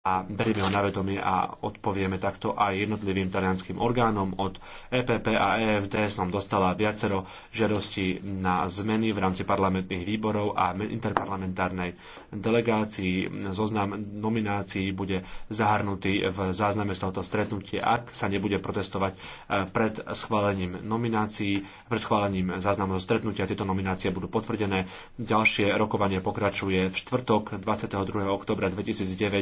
a berieme ho na vedomie a odpovieme takto aj jednotlivým talianským orgánom. Od EPP a EFD som dostala viacero žiadosti na zmeny v rámci parlamentných výborov a interparlamentárnej delegácii. Zoznam nominácií bude zahrnutý v zázname z tohto stretnutia, ak sa nebude protestovať e, pred schválením nominácií, pred schválením záznamu zo stretnutia. Tieto nominácie budú potvrdené. Ďalšie rokovanie pokračuje v štvrtok 22. oktobra 2009